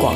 廣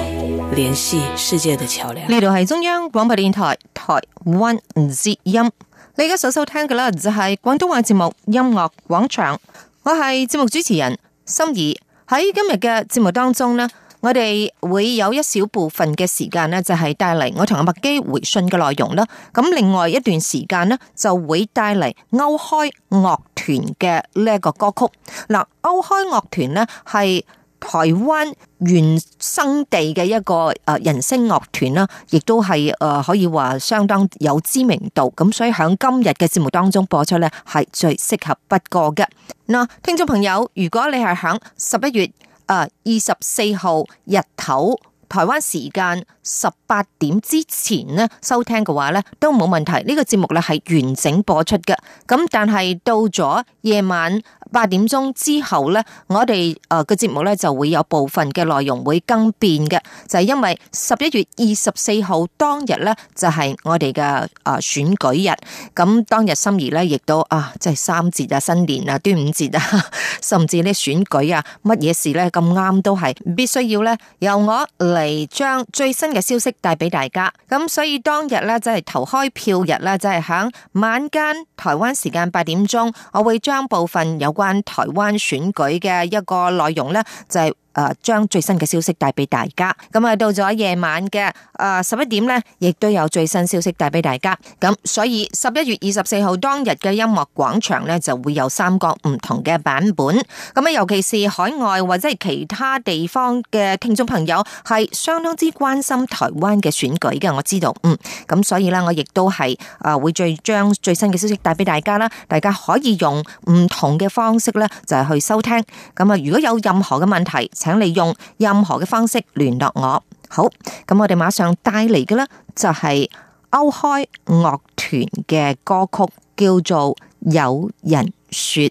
聯繫世界的橋樑，呢度係中央廣播電臺臺灣之音，你而家所收聽嘅啦就係廣東話節目音樂廣場，我係節目主持人心怡。喺今日嘅節目當中呢，我哋會有一小部分嘅時間呢，就係帶嚟我同阿麥基回信嘅內容啦。咁另外一段時間呢，就會帶嚟歐開樂團嘅呢一個歌曲。嗱，歐開樂團咧係。台灣原生地嘅一個誒人聲樂團啦，亦都係誒可以話相當有知名度，咁所以喺今日嘅節目當中播出呢係最適合不過嘅。嗱，聽眾朋友，如果你係喺十一月誒二十四號日頭台灣時間十八點之前呢收聽嘅話呢，都冇問題。呢個節目呢係完整播出嘅，咁但係到咗夜晚。八點鐘之後呢，我哋誒個節目呢就會有部分嘅內容會更變嘅，就係因為十一月二十四號當日呢，就係我哋嘅誒選舉日，咁當日心儀呢亦都啊即係三節啊、新年啊、端午節啊，甚至呢選舉啊，乜嘢事呢咁啱都係必須要呢由我嚟將最新嘅消息帶俾大家，咁所以當日呢，就係投開票日啦，就係響晚間台灣時間八點鐘，我會將部分有關台灣選舉嘅一個內容咧，就係、是。誒，將最新嘅消息帶俾大家，咁啊，到咗夜晚嘅，誒，十一點呢，亦都有最新消息帶俾大家。咁所以十一月二十四號當日嘅音樂廣場呢，就會有三個唔同嘅版本。咁啊，尤其是海外或者係其他地方嘅聽眾朋友，係相當之關心台灣嘅選舉嘅。我知道，嗯，咁所以呢，我亦都係誒，會最將最新嘅消息帶俾大家啦。大家可以用唔同嘅方式呢，就係去收聽。咁啊，如果有任何嘅問題，請你用任何嘅方式聯絡我。好，咁我哋馬上帶嚟嘅呢，就係歐開樂團嘅歌曲，叫做《有人說》。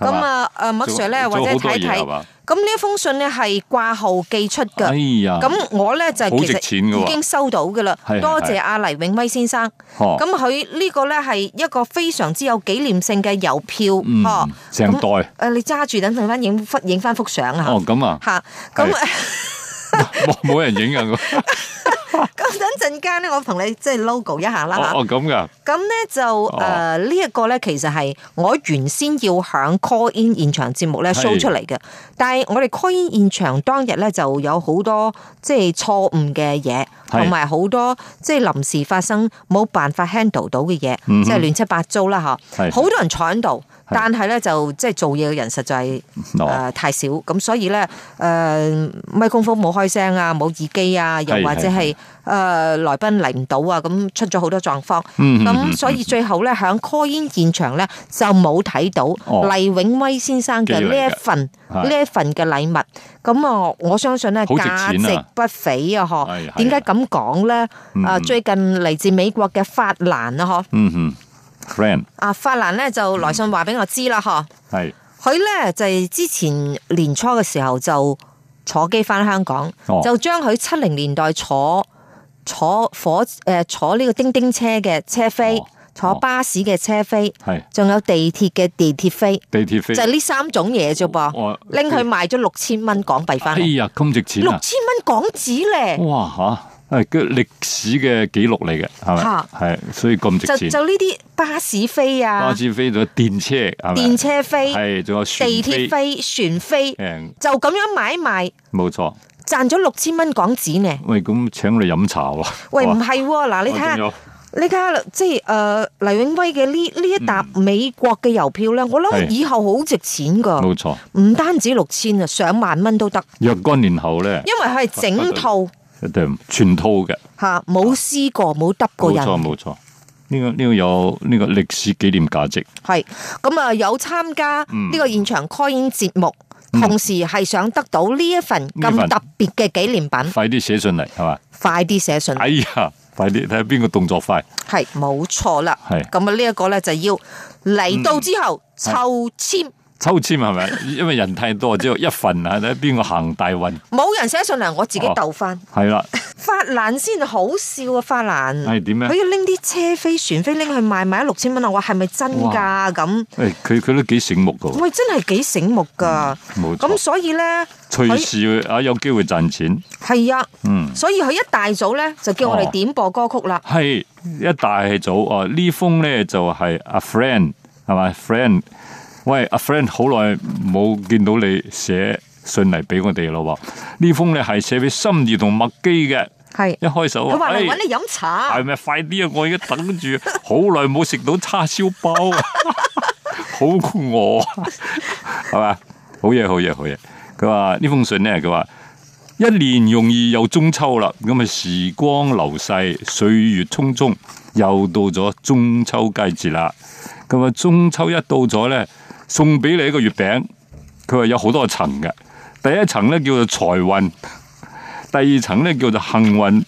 咁啊，誒，麥 sir 咧或者睇睇，咁呢一封信咧係掛號寄出噶，咁我咧就其實已經收到噶啦，多謝阿黎永威先生。咁佢呢個咧係一個非常之有紀念性嘅郵票，咁誒，你揸住等陣翻影翻影翻幅相啊。哦，咁啊，吓咁啊，冇冇人影啊。咁 等陣間咧，我同你即係 logo 一下啦哦，咁、哦、噶。咁咧就誒，呢一、哦呃這個咧其實係我原先要響 call in 現場節目咧 show 出嚟嘅，是但係我哋 call in 現場當日咧就有好多即係錯誤嘅嘢，同埋好多即係臨時發生冇辦法 handle 到嘅嘢，即係亂七八糟啦吓。好是多人坐喺度。但係咧，就即係做嘢嘅人，實在誒太少，咁所以咧，誒咪功夫冇開聲啊，冇耳機啊，又或者係誒來賓嚟唔到啊，咁出咗好多狀況。咁所以最後咧，喺 call in 現場咧就冇睇到黎永威先生嘅呢一份呢一份嘅禮物。咁啊，我相信咧價值不菲啊！嗬，點解咁講咧？啊，最近嚟自美國嘅法蘭啊！嗬，嗯嗯。Friend, 啊，法蘭咧就來信話俾我知啦，嗬、嗯。係佢咧就係、是、之前年初嘅時候就坐機翻香港，哦、就將佢七零年代坐坐火誒、呃、坐呢個叮叮車嘅車飛，哦哦、坐巴士嘅車飛，係仲是有地鐵嘅地鐵飛，地鐵飛就係呢三種嘢啫噃，拎佢賣咗六千蚊港幣翻。哎呀，咁值錢啊！六千蚊港紙咧，哇！誒，歷史嘅記錄嚟嘅，係咪？係，所以咁值錢。就呢啲巴士飛啊，巴士飛仲有電車，電車飛，係仲有地鐵飛、船飛，就咁樣買賣，冇錯，賺咗六千蚊港紙呢。喂，咁請我哋飲茶喎，唔係嗱，你睇下，你家，即係誒，黎永威嘅呢呢一沓美國嘅郵票咧，我諗以後好值錢噶，冇錯，唔單止六千啊，上萬蚊都得。若干年後咧，因為係整套。全套嘅吓，冇試過，冇耷過人。冇錯冇錯，呢個呢個有呢個歷史紀念價值。係咁啊，有參加呢個現場開演節目，同時係想得到呢一份咁特別嘅紀念品。快啲寫信嚟，係嘛？快啲寫信！哎呀，快啲睇下邊個動作快。係冇錯啦。係咁啊，呢一個咧就要嚟到之後抽籤。.抽籤係咪？因為人太多，之後一份睇下邊個行大運。冇人寫信嚟，我自己斗翻。係啦、哦， 法蘭先好笑啊！法蘭係點樣？佢、哎、要拎啲車飛船飛拎去賣，賣咗六千蚊。我話係咪真噶咁？誒哇，佢佢樣、哎、都幾醒目噶。喂，真係幾醒目噶。冇咁、嗯，錯，所以咧，隨時啊有機會賺錢。係他啊，嗯。所以佢一大早咧就叫我哋點播歌曲啦。係、哦、一大早啊。哦、封呢封咧就係、是、阿 friend 係咪？friend。喂，阿 friend，好耐冇見到你寫信嚟俾我哋咯。話呢封咧係寫俾心儀同麥基嘅。係是一開手，佢話我搵你飲茶，係咪、哎？快啲 啊！我而家等住，好耐冇食到叉燒包，好餓，係嘛？好嘢，好嘢，好嘢。佢話呢封信咧，佢話一年容易又中秋啦，咁啊時光流逝，歲月匆匆，又到咗中秋佳節啦。咁啊中秋一到咗咧。送俾你一個月餅，佢話有好多層嘅，第一層咧叫做財運，第二層咧叫做幸運，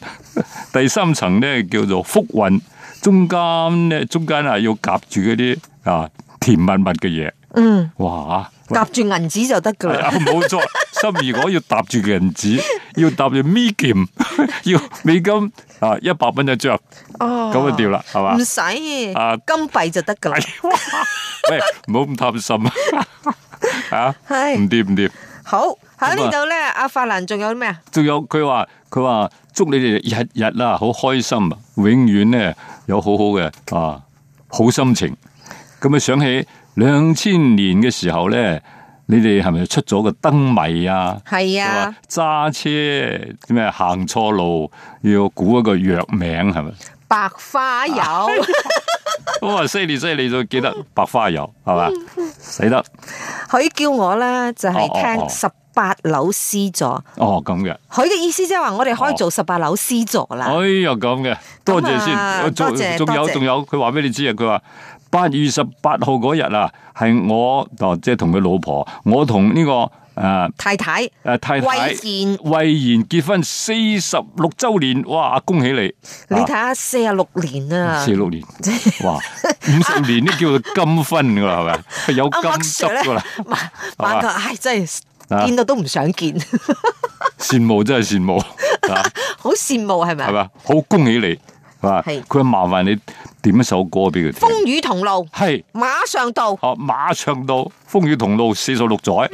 第三層咧叫做福運，中間咧中間啊要夾住嗰啲啊甜蜜蜜嘅嘢，嗯，哇夾住銀紙就得噶啦，冇錯、哎，錯 心如果要夾住銀紙，要夾住咪劍，要美金。啊！一百蚊一張，咁啊掉啦，係嘛吧？唔使啊，金幣就得噶啦。喂，唔好咁貪麼心啊！啊，係唔掂唔掂？好喺呢度咧，阿法蘭仲有咩啊？仲有佢話佢話祝你哋日日啊好開心啊，永遠咧有好好嘅啊好心情。咁啊想起兩千年嘅時候咧。你哋係咪出咗個燈謎啊？係啊，揸車點咩行錯路，要估一個藥名係咪？是不是白花油，咁啊犀利犀利，你就 記得白花油係嘛？ 死得，佢叫我咧就係聽十八樓 C 座。哦，咁、哦、嘅，佢、哦、嘅、哦哦、意思即係話我哋可以做十八樓 C 座啦、哦。哎呀，咁嘅，多謝先、啊，多謝仲有仲有，佢話俾你知啊，佢話。八月十八號嗰日啊，係我即係同佢老婆，我同呢個誒太太誒太太魏賢結婚四十六周年，哇，恭喜你！你睇下四啊六年啊，四六年，哇，五十年都叫做金婚噶啦，係咪啊有金足啦，哇，唉，真係見到都唔想見，羨慕，真係羨慕，好羨慕，係咪，係嘛，好恭喜你！係，佢話是麻煩你點一首歌俾佢聽。風雨同路係，馬上到。哦，馬上到，風雨同路四十六載。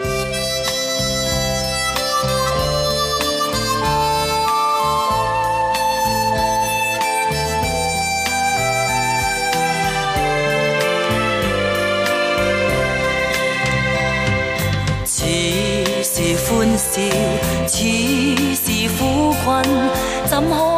似是歡笑，似是苦困，怎可？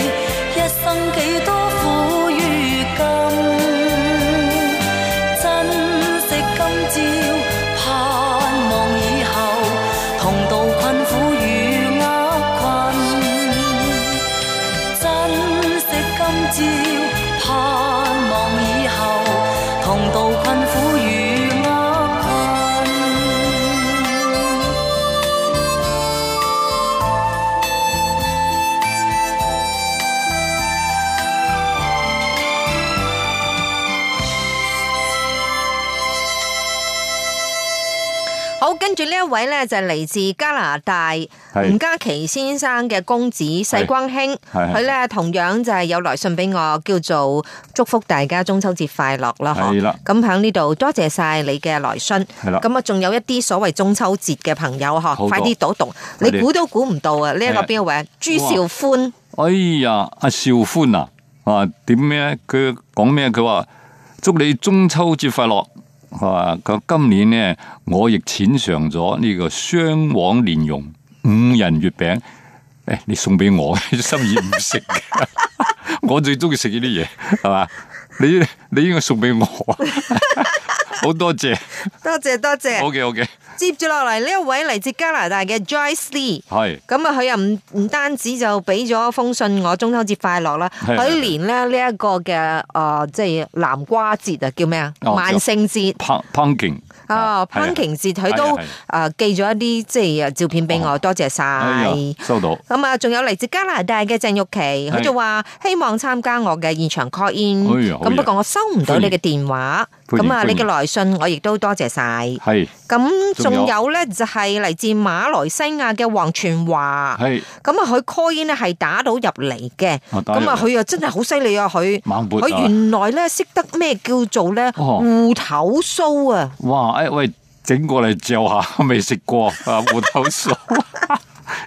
位咧，就係嚟自加拿大吳家麒先生嘅公子世光兄，佢咧同樣就係有來信俾我，叫做祝福大家中秋節快樂啦。係啦，咁喺呢度多謝晒你嘅來信。係啦，咁啊仲有一啲所謂中秋節嘅朋友嗬，快啲讀讀，你估都估唔到啊！呢一個邊位朱少歡？哎呀，阿少歡啊，啊點咩？佢講咩？佢話祝你中秋節快樂。我話佢今年咧，我亦淺嘗咗呢個雙黃蓮蓉五仁月餅。誒、哎，你送畀我，你心意唔食， 我最中意食呢啲嘢，係嘛？你你應該送俾我啊！ 好多謝， 多謝，多謝多謝。好嘅好嘅。接住落嚟呢一位嚟自加拿大嘅 Joyce Lee，係咁啊，佢是又唔唔單止就俾咗封信我，中秋節快樂啦。佢連咧呢一個嘅誒、呃，即係南瓜節啊，叫咩啊？萬聖、哦、節。哦，潘瓊哲佢都誒寄咗一啲即係照片俾我，多謝晒，收到。咁啊，仲有嚟自加拿大嘅鄭玉琪，佢就話希望參加我嘅現場 call in，咁不過我收唔到你嘅電話，咁啊，你嘅來信我亦都多謝晒。咁仲有咧，就係嚟自馬來西亞嘅黃傳華。咁啊，佢 call in 咧係打到入嚟嘅。咁啊，佢又真係好犀利啊，佢，佢原來咧識得咩叫做咧芋頭酥啊！哦！哇誒、哎、喂，整過嚟嚼下未食過啊芋頭酥，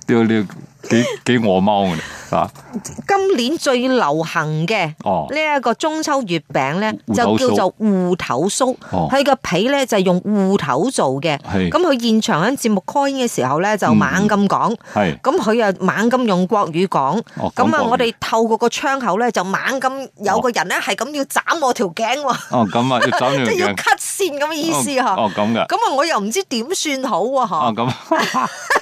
屌你！幾幾餓貓嘅，吓！今年最流行嘅，哦，呢一個中秋月餅咧就叫做芋頭酥，佢個皮咧就用芋頭做嘅。係咁，佢現場喺節目開嘅時候咧就猛咁講，係咁佢又猛咁用國語講，咁啊我哋透過個窗口咧就猛咁有個人咧係咁要斬我條頸喎。哦，咁啊，即係要 cut 線咁嘅意思吓。哦，咁嘅。咁啊，我又唔知點算好喎吓。啊，咁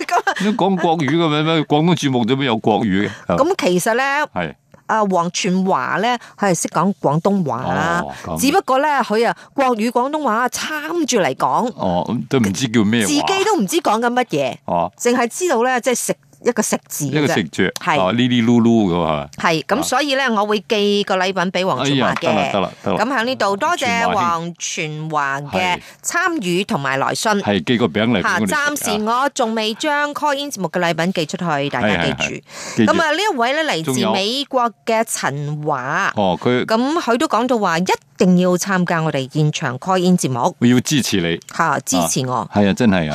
咁，你講國語嘅咩咩講？節目有國語嘅？咁、嗯嗯嗯、其實咧，阿黃全華咧係識講廣東話、哦嗯、只不過咧佢啊國語廣東話參住嚟講，哦都唔知道叫咩，自己都唔知講緊乜嘢，哦，淨係知道咧即係食。一個食字，一個食著，係呢啲嚕嚕嘅係。係咁，所以咧我會寄個禮品俾黃全華嘅。得啦得啦。咁喺呢度多謝黃全華嘅參與同埋來信。係寄個餅嚟。吓，暫時我仲未將 call in 節目嘅禮品寄出去，大家記住。咁啊呢一位咧嚟自美國嘅陳華。哦，佢咁佢都講到話一定要參加我哋現場 call in 節目。我要支持你。吓，支持我。係啊，真係啊。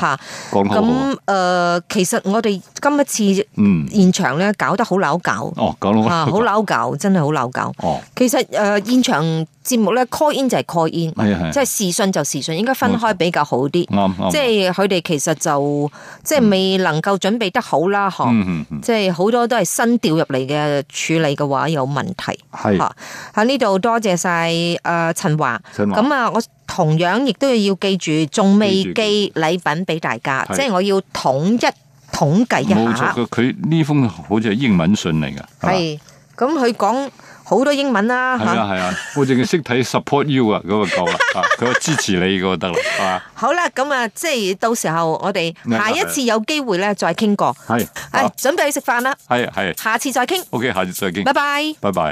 吓，咁誒，其實我哋今日。次現場咧搞得好扭搞，哦，好扭搞，真係好扭搞。哦，其實誒現場節目咧 call in 就係 call in，即係視訊就視訊，應該分開比較好啲。即係佢哋其實就即係未能夠準備得好啦，嚇，即係好多都係新調入嚟嘅處理嘅話有問題，係。嚇，喺呢度多謝晒誒陳華，咁啊，我同樣亦都要記住，仲未寄禮品俾大家，即係我要統一。統計一下，冇錯，佢呢封好似係英文信嚟噶。係，咁佢講好多英文啦吓。係啊係啊，我淨係識睇 support you 啊，咁啊夠啦，佢支持你，咁啊得啦，係嘛。好啦，咁啊，即係到時候我哋下一次有機會咧再傾過。係，啊，準備去食飯啦。係係，下次再傾。OK，下次再傾。拜拜，拜拜。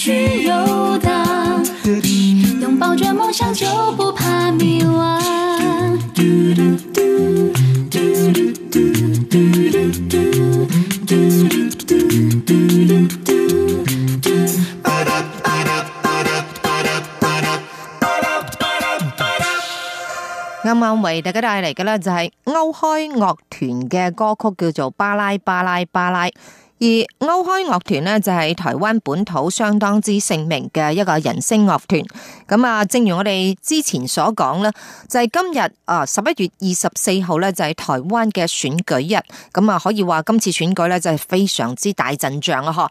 去遊蕩，擁抱着夢想，就不怕迷惘。啱啱為大家帶嚟嘅呢，就係歐開樂團嘅歌曲，叫做《巴拉巴拉巴拉》。而歐開樂團呢，就係台灣本土相當之盛名嘅一個人聲樂團，咁啊，正如我哋之前所講呢，就係今日啊十一月二十四號呢，就係台灣嘅選舉日，咁啊，可以話今次選舉呢，就係非常之大陣仗啊，嗬。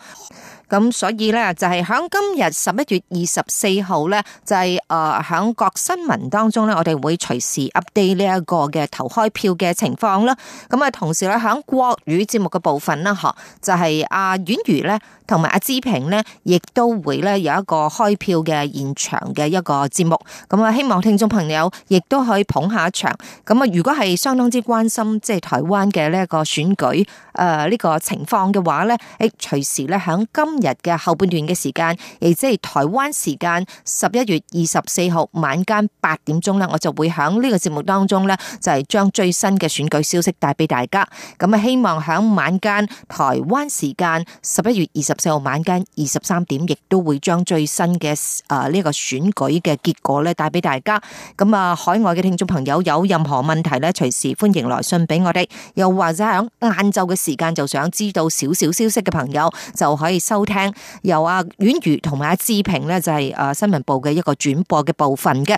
咁所以咧就係喺今日十一月二十四號咧就係，誒喺各新聞當中咧，我哋會隨時 update 呢一個嘅投開票嘅情況啦。咁啊，同時咧喺國語節目嘅部分啦，嗬，就係阿婉如咧同埋阿芝平咧，亦都會咧有一個開票嘅現場嘅一個節目。咁啊，希望聽眾朋友亦都可以捧下一場。咁啊，如果係相當之關心即係台灣嘅呢一個選舉誒呢個情況嘅話咧，誒隨時咧響今。今日嘅後半段嘅時間，亦即係台灣時間十一月二十四號晚間八點鐘呢，我就會喺呢個節目當中呢，就係將最新嘅選舉消息帶俾大家。咁啊，希望響晚間台灣時間十一月二十四號晚間二十三點，亦都會將最新嘅誒，呢個選舉嘅結果呢，帶俾大家。咁啊，海外嘅聽眾朋友有任何問題呢，隨時歡迎來信俾我哋。又或者喺晏晝嘅時間就想知道少少消息嘅朋友，就可以收。聽由阿婉如同埋阿志平咧，就係、是、誒新聞部嘅一個轉播嘅部分嘅。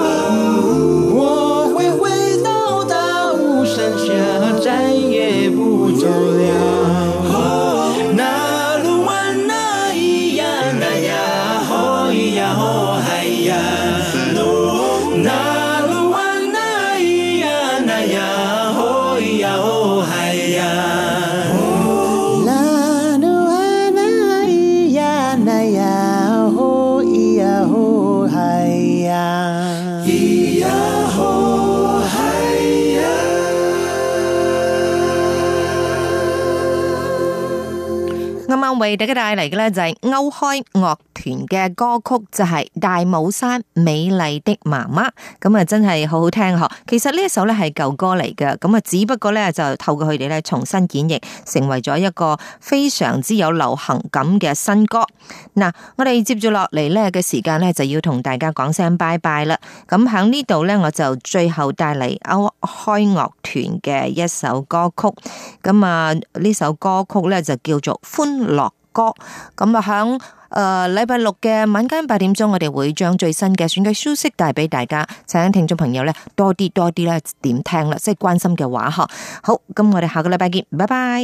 為大家帶嚟嘅咧就係歐開樂團嘅歌曲，就係大武山美麗的媽媽，咁啊真係好好聽嗬。其實呢一首咧係舊歌嚟嘅，咁啊只不過咧就透過佢哋咧重新演繹，成為咗一個非常之有流行感嘅新歌。嗱，我哋接住落嚟呢嘅時間咧就要同大家講聲拜拜啦。咁喺呢度咧我就最後帶嚟歐開樂團嘅一首歌曲，咁啊呢首歌曲咧就叫做歡樂。哥，咁啊響誒禮拜六嘅晚間八點鐘，我哋會將最新嘅選舉消息帶俾大家，請聽眾朋友咧多啲多啲咧點聽啦，即係關心嘅話呵。好，咁我哋下個禮拜見，拜拜。